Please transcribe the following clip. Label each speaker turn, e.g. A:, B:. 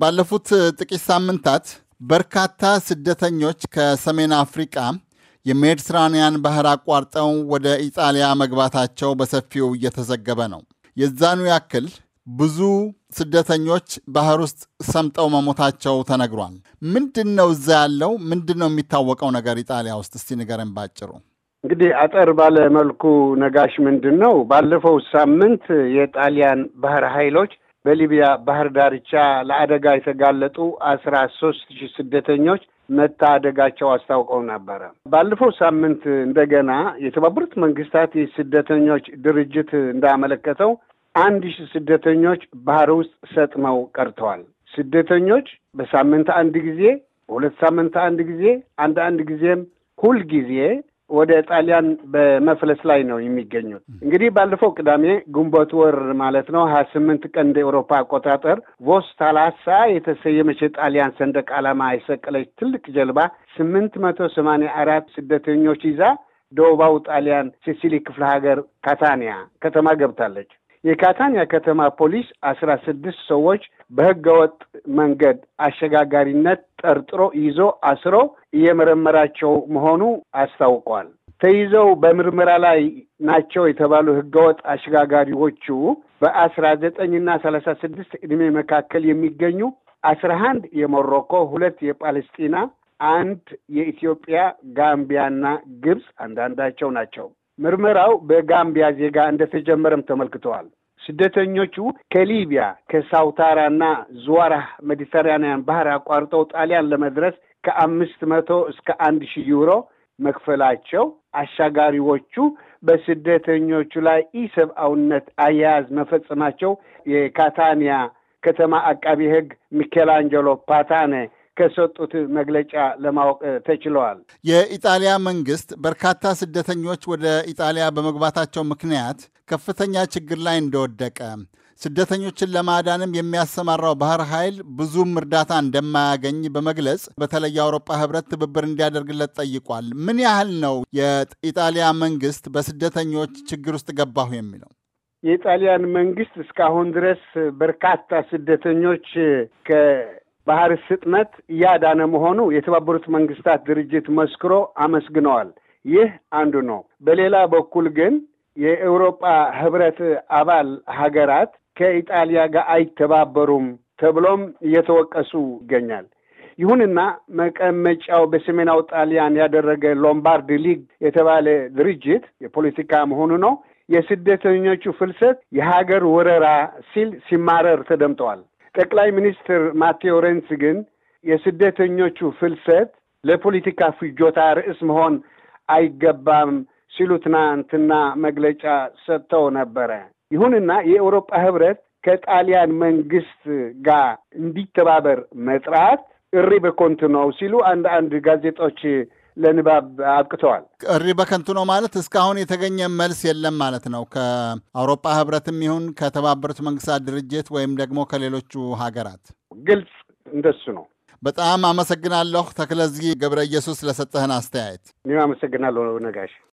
A: ባለፉት ጥቂት ሳምንታት በርካታ ስደተኞች ከሰሜን አፍሪቃ የሜዲትራንያን ባህር አቋርጠው ወደ ኢጣሊያ መግባታቸው በሰፊው እየተዘገበ ነው። የዛኑ ያክል ብዙ ስደተኞች ባህር ውስጥ ሰምጠው መሞታቸው ተነግሯል። ምንድን ነው እዛ ያለው? ምንድን ነው የሚታወቀው ነገር ኢጣሊያ ውስጥ? እስቲ ንገረን ባጭሩ።
B: እንግዲህ አጠር ባለ መልኩ ነጋሽ፣ ምንድን ነው ባለፈው ሳምንት የጣሊያን ባህር ኃይሎች በሊቢያ ባህር ዳርቻ ለአደጋ የተጋለጡ አስራ ሶስት ሺህ ስደተኞች መታደጋቸው አስታውቀው ነበረ። ባለፈው ሳምንት እንደገና የተባበሩት መንግስታት የስደተኞች ድርጅት እንዳመለከተው አንድ ሺህ ስደተኞች ባህር ውስጥ ሰጥመው ቀርተዋል። ስደተኞች በሳምንት አንድ ጊዜ፣ በሁለት ሳምንት አንድ ጊዜ፣ አንድ አንድ ጊዜም ሁል ጊዜ ወደ ጣሊያን በመፍለስ ላይ ነው የሚገኙት። እንግዲህ ባለፈው ቅዳሜ ግንቦት ወር ማለት ነው ሀያ ስምንት ቀን እንደ ኤውሮፓ አቆጣጠር ቮስታላሳ የተሰየመች የጣሊያን ሰንደቅ ዓላማ የሰቀለች ትልቅ ጀልባ ስምንት መቶ ሰማንያ አራት ስደተኞች ይዛ ደቡባው ጣሊያን ሲሲሊ ክፍለ ሀገር ካታኒያ ከተማ ገብታለች። የካታንያ ከተማ ፖሊስ አስራ ስድስት ሰዎች በህገወጥ መንገድ አሸጋጋሪነት ጠርጥሮ ይዞ አስሮ እየመረመራቸው መሆኑ አስታውቋል። ተይዘው በምርመራ ላይ ናቸው የተባሉ ህገወጥ አሸጋጋሪዎቹ በአስራ ዘጠኝና ሰላሳ ስድስት ዕድሜ መካከል የሚገኙ አስራ አንድ የሞሮኮ፣ ሁለት የፓለስጢና፣ አንድ የኢትዮጵያ፣ ጋምቢያና ግብፅ አንዳንዳቸው ናቸው። ምርመራው በጋምቢያ ዜጋ እንደተጀመረም ተመልክተዋል። ስደተኞቹ ከሊቢያ ከሳውታራና ዙዋራ ሜዲተራንያን ባህር አቋርጠው ጣሊያን ለመድረስ ከአምስት መቶ እስከ አንድ ሺህ ዩሮ መክፈላቸው አሻጋሪዎቹ በስደተኞቹ ላይ ኢሰብአውነት አያያዝ መፈጸማቸው የካታንያ ከተማ አቃቢ ሕግ ሚኬላንጀሎ ፓታኔ ከሰጡት መግለጫ ለማወቅ ተችለዋል።
A: የኢጣሊያ መንግስት በርካታ ስደተኞች ወደ ኢጣሊያ በመግባታቸው ምክንያት ከፍተኛ ችግር ላይ እንደወደቀ ስደተኞችን ለማዳንም የሚያሰማራው ባህር ኃይል ብዙም እርዳታ እንደማያገኝ በመግለጽ በተለይ የአውሮፓ ህብረት ትብብር እንዲያደርግለት ጠይቋል። ምን ያህል ነው የኢጣሊያ መንግስት በስደተኞች ችግር ውስጥ ገባሁ የሚለው?
B: የኢጣሊያን መንግስት እስካሁን ድረስ በርካታ ስደተኞች ባህር ስጥመት እያዳነ መሆኑ የተባበሩት መንግስታት ድርጅት መስክሮ አመስግነዋል። ይህ አንዱ ነው። በሌላ በኩል ግን የአውሮፓ ህብረት አባል ሀገራት ከኢጣሊያ ጋር አይተባበሩም ተብሎም እየተወቀሱ ይገኛል። ይሁንና መቀመጫው በሰሜናው ጣሊያን ያደረገ ሎምባርድ ሊግ የተባለ ድርጅት የፖለቲካ መሆኑ ነው የስደተኞቹ ፍልሰት የሀገር ወረራ ሲል ሲማረር ተደምጠዋል። ጠቅላይ ሚኒስትር ማቴዎ ሬንስ ግን የስደተኞቹ ፍልሰት ለፖለቲካ ፍጆታ ርዕስ መሆን አይገባም ሲሉ ትናንትና መግለጫ ሰጥተው ነበረ። ይሁንና የአውሮፓ ህብረት ከጣሊያን መንግስት ጋር እንዲተባበር መጥራት እሪ በኮንት ነው ሲሉ አንድ አንድ ጋዜጦች ለንባብ አብቅተዋል።
A: ቅሪ በከንቱ ነው ማለት እስካሁን የተገኘ መልስ የለም ማለት ነው። ከአውሮፓ ህብረትም ይሁን ከተባበሩት መንግስታት ድርጅት ወይም ደግሞ ከሌሎቹ ሀገራት ግልጽ እንደሱ ነው። በጣም አመሰግናለሁ ተክለዚህ ገብረ ኢየሱስ ለሰጠህን አስተያየት።
B: እኔም አመሰግናለሁ ነጋሽ።